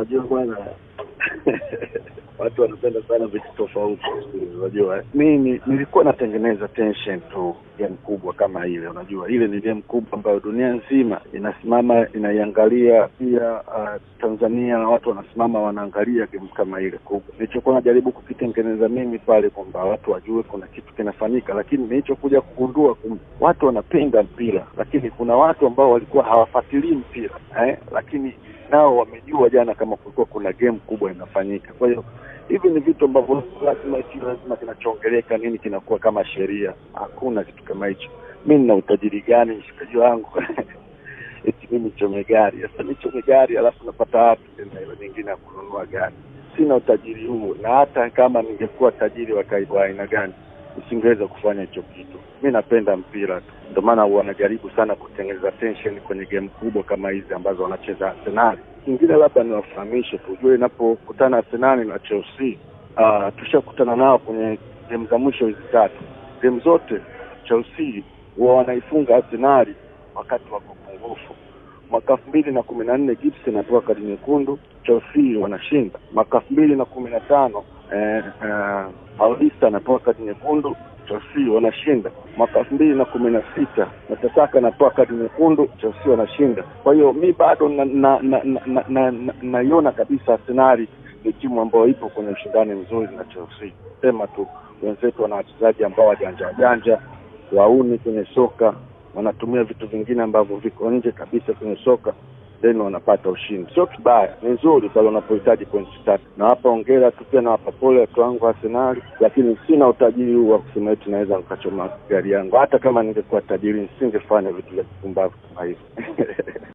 Unajua bwana, watu wanapenda sana vitu tofauti, unajua. Mimi eh? nilikuwa natengeneza tension tu ya mkubwa kama ile, unajua ile ni game kubwa ambayo dunia nzima inasimama inaiangalia, pia uh, Tanzania watu wanasimama wanaangalia game kama ile kubwa. Nilichokuwa najaribu kukitengeneza mimi pale kwamba watu wajue kuna kitu kinafanyika, lakini nilichokuja kugundua kum, watu wanapenda mpira, lakini kuna watu ambao walikuwa hawafuatilii mpira eh, lakini nao wamejua jana kama kulikuwa kuna game kubwa inafanyika. Kwa hiyo hivi ni vitu ambavyo lazima si lazima kinachoongeleka nini kinakuwa kama sheria. Hakuna kitu kama hicho. Mi nina utajiri gani mshikaji wangu? eti mimi chome gari sasa, mi chome gari alafu napata wapi tena hiyo nyingine ya kununua gari? Sina utajiri huo, na hata kama ningekuwa tajiri wa aina gani usingeweza kufanya hicho kitu. Mi napenda mpira tu, ndio maana wanajaribu sana kutengeneza tension kwenye game kubwa kama hizi ambazo wanacheza Arsenal. Kingine labda niwafahamishe tu, ujue inapokutana Arsenal na Chelsea, uh, tushakutana nao kwenye gemu za mwisho hizi tatu. Gemu zote Chelsea huwa wanaifunga Arsenal wakati wako pungufu. Mwaka elfu mbili na kumi na nne Gibson atoka kadi nyekundu, Chelsea wanashinda. Mwaka elfu mbili na kumi na tano eh, eh, Paulista anapewa kadi nyekundu, Chelsea wanashinda. Mwaka elfu mbili na kumi na sita Natesaka anapewa kadi nyekundu, Chelsea wanashinda. Kwa hiyo mi bado naiona na, na, na, na, na kabisa Arsenali ni timu ambayo ipo kwenye ushindani mzuri na Chelsea. Sema tu wenzetu wana wachezaji ambao wajanja wajanja, wauni kwenye soka, wanatumia vitu vingine ambavyo viko nje kabisa kwenye soka then wanapata ushindi. Sio kibaya, ni nzuri pale wanapohitaji pointi tatu, na ongera tu pia na pole watu wangu Arsenali, lakini sina utajiri huu wa kusema eti naweza nikachoma gari yangu. Hata kama ningekuwa tajiri nisingefanya vitu vya kipumbavu kama hivi